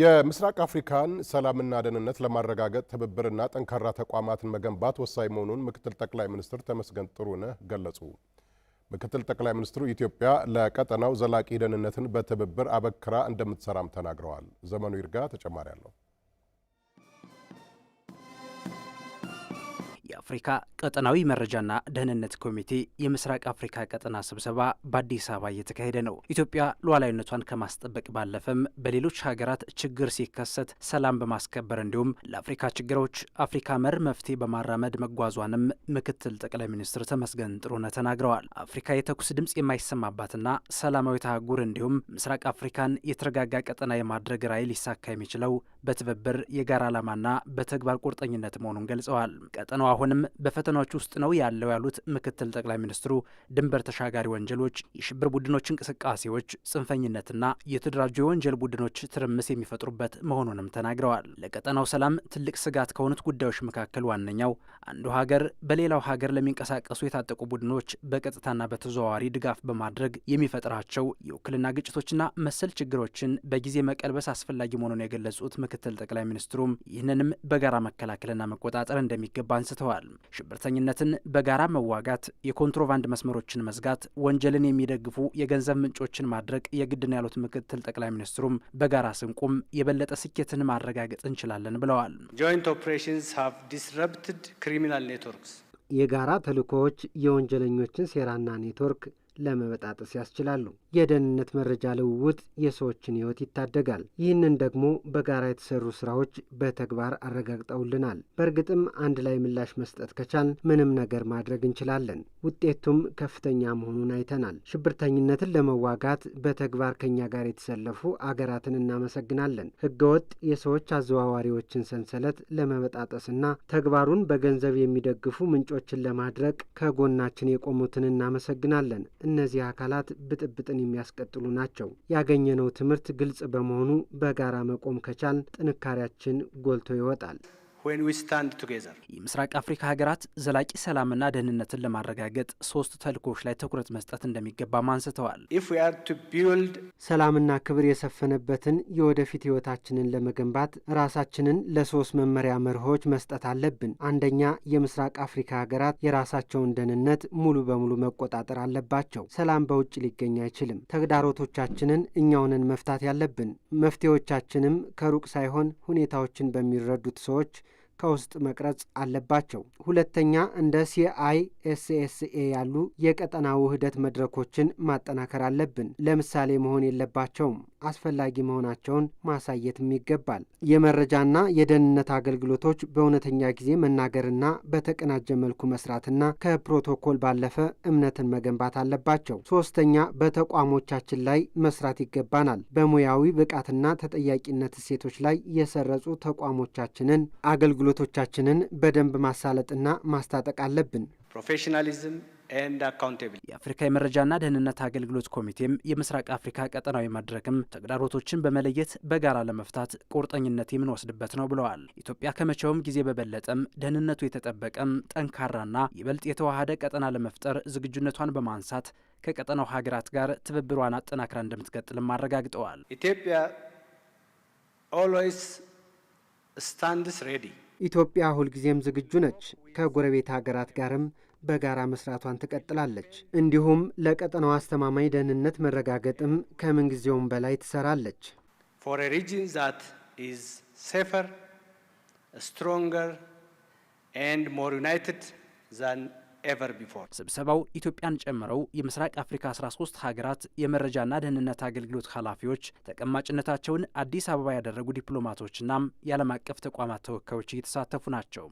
የምስራቅ አፍሪካን ሰላምና ደህንነት ለማረጋገጥ ትብብርና ጠንካራ ተቋማትን መገንባት ወሳኝ መሆኑን ምክትል ጠቅላይ ሚኒስትር ተመስገን ጥሩነህ ገለጹ። ምክትል ጠቅላይ ሚኒስትሩ ኢትዮጵያ ለቀጠናው ዘላቂ ደህንነትን በትብብር አበክራ እንደምትሰራም ተናግረዋል። ዘመኑ ይርጋ ተጨማሪ አለው። የአፍሪካ ቀጠናዊ መረጃና ደህንነት ኮሚቴ የምስራቅ አፍሪካ ቀጠና ስብሰባ በአዲስ አበባ እየተካሄደ ነው። ኢትዮጵያ ሉዓላዊነቷን ከማስጠበቅ ባለፈም በሌሎች ሀገራት ችግር ሲከሰት ሰላም በማስከበር እንዲሁም ለአፍሪካ ችግሮች አፍሪካ መር መፍትሄ በማራመድ መጓዟንም ምክትል ጠቅላይ ሚኒስትር ተመስገን ጥሩነህ ተናግረዋል። አፍሪካ የተኩስ ድምፅ የማይሰማባትና ሰላማዊ አህጉር እንዲሁም ምስራቅ አፍሪካን የተረጋጋ ቀጠና የማድረግ ራዕይ ሊሳካ የሚችለው በትብብር የጋራ ዓላማና በተግባር ቁርጠኝነት መሆኑን ገልጸዋል። ቀጠናው አሁን አሁንም በፈተናዎች ውስጥ ነው ያለው ያሉት ምክትል ጠቅላይ ሚኒስትሩ ድንበር ተሻጋሪ ወንጀሎች፣ የሽብር ቡድኖች እንቅስቃሴዎች፣ ጽንፈኝነትና የተደራጁ የወንጀል ቡድኖች ትርምስ የሚፈጥሩበት መሆኑንም ተናግረዋል። ለቀጠናው ሰላም ትልቅ ስጋት ከሆኑት ጉዳዮች መካከል ዋነኛው አንዱ ሀገር በሌላው ሀገር ለሚንቀሳቀሱ የታጠቁ ቡድኖች በቀጥታና በተዘዋዋሪ ድጋፍ በማድረግ የሚፈጥራቸው የውክልና ግጭቶችና መሰል ችግሮችን በጊዜ መቀልበስ አስፈላጊ መሆኑን የገለጹት ምክትል ጠቅላይ ሚኒስትሩም ይህንንም በጋራ መከላከልና መቆጣጠር እንደሚገባ አንስተዋል። አሳስበዋል። ሽብርተኝነትን በጋራ መዋጋት፣ የኮንትሮባንድ መስመሮችን መዝጋት፣ ወንጀልን የሚደግፉ የገንዘብ ምንጮችን ማድረግ የግድ ያሉት ምክትል ጠቅላይ ሚኒስትሩም በጋራ ስንቁም የበለጠ ስኬትን ማረጋገጥ እንችላለን ብለዋል። ጆይንት ኦፕሬሽንስ ሃቭ ዲስረፕትድ ክሪሚናል ኔትወርክስ የጋራ ተልእኮዎች የወንጀለኞችን ሴራና ኔትወርክ ለመበጣጠስ ያስችላሉ። የደህንነት መረጃ ልውውጥ የሰዎችን ህይወት ይታደጋል። ይህንን ደግሞ በጋራ የተሰሩ ስራዎች በተግባር አረጋግጠውልናል። በእርግጥም አንድ ላይ ምላሽ መስጠት ከቻል ምንም ነገር ማድረግ እንችላለን። ውጤቱም ከፍተኛ መሆኑን አይተናል። ሽብርተኝነትን ለመዋጋት በተግባር ከኛ ጋር የተሰለፉ አገራትን እናመሰግናለን። ህገወጥ የሰዎች አዘዋዋሪዎችን ሰንሰለት ለመበጣጠስና ተግባሩን በገንዘብ የሚደግፉ ምንጮችን ለማድረግ ከጎናችን የቆሙትን እናመሰግናለን። እነዚህ አካላት ብጥብጥን የሚያስቀጥሉ ናቸው። ያገኘነው ትምህርት ግልጽ በመሆኑ በጋራ መቆም ከቻል ጥንካሬያችን ጎልቶ ይወጣል። የምስራቅ አፍሪካ ሀገራት ዘላቂ ሰላምና ደህንነትን ለማረጋገጥ ሶስት ተልእኮዎች ላይ ትኩረት መስጠት እንደሚገባም አንስተዋል። ሰላምና ክብር የሰፈነበትን የወደፊት ህይወታችንን ለመገንባት ራሳችንን ለሶስት መመሪያ መርሆች መስጠት አለብን። አንደኛ፣ የምስራቅ አፍሪካ ሀገራት የራሳቸውን ደህንነት ሙሉ በሙሉ መቆጣጠር አለባቸው። ሰላም በውጭ ሊገኝ አይችልም። ተግዳሮቶቻችንን እኛውንን መፍታት ያለብን፣ መፍትሄዎቻችንም ከሩቅ ሳይሆን ሁኔታዎችን በሚረዱት ሰዎች ከውስጥ መቅረጽ አለባቸው። ሁለተኛ እንደ ሲአይኤስኤስኤ ያሉ የቀጠና ውህደት መድረኮችን ማጠናከር አለብን። ለምሳሌ መሆን የለባቸውም፣ አስፈላጊ መሆናቸውን ማሳየትም ይገባል። የመረጃና የደህንነት አገልግሎቶች በእውነተኛ ጊዜ መናገርና በተቀናጀ መልኩ መስራትና ከፕሮቶኮል ባለፈ እምነትን መገንባት አለባቸው። ሶስተኛ በተቋሞቻችን ላይ መስራት ይገባናል። በሙያዊ ብቃትና ተጠያቂነት እሴቶች ላይ የሰረጹ ተቋሞቻችንን አገልግሎ አገልግሎቶቻችንን በደንብ ማሳለጥና ማስታጠቅ አለብን። ፕሮፌሽናሊዝም የአፍሪካ የመረጃና ደህንነት አገልግሎት ኮሚቴም የምስራቅ አፍሪካ ቀጠናዊ መድረክም ተግዳሮቶችን በመለየት በጋራ ለመፍታት ቁርጠኝነት የምንወስድበት ነው ብለዋል። ኢትዮጵያ ከመቼውም ጊዜ በበለጠም ደህንነቱ የተጠበቀም ጠንካራና ይበልጥ የተዋሃደ ቀጠና ለመፍጠር ዝግጁነቷን በማንሳት ከቀጠናው ሀገራት ጋር ትብብሯን አጠናክራ እንደምትቀጥልም አረጋግጠዋል። ኢትዮጵያ ኦልዌይስ ስታንድስ ሬዲ ኢትዮጵያ ሁልጊዜም ዝግጁ ነች። ከጎረቤት ሀገራት ጋርም በጋራ መስራቷን ትቀጥላለች። እንዲሁም ለቀጠናው አስተማማኝ ደህንነት መረጋገጥም ከምንጊዜውም በላይ ትሰራለች። ፎር ሪጅን ዛት ኢዝ ሴፈር ስትሮንገር ኤንድ ሞር ዩናይትድ ዛን ስብሰባው ኢትዮጵያን ጨምረው የምስራቅ አፍሪካ 13 ሀገራት የመረጃና ደህንነት አገልግሎት ኃላፊዎች፣ ተቀማጭነታቸውን አዲስ አበባ ያደረጉ ዲፕሎማቶችና የዓለም አቀፍ ተቋማት ተወካዮች እየተሳተፉ ናቸው።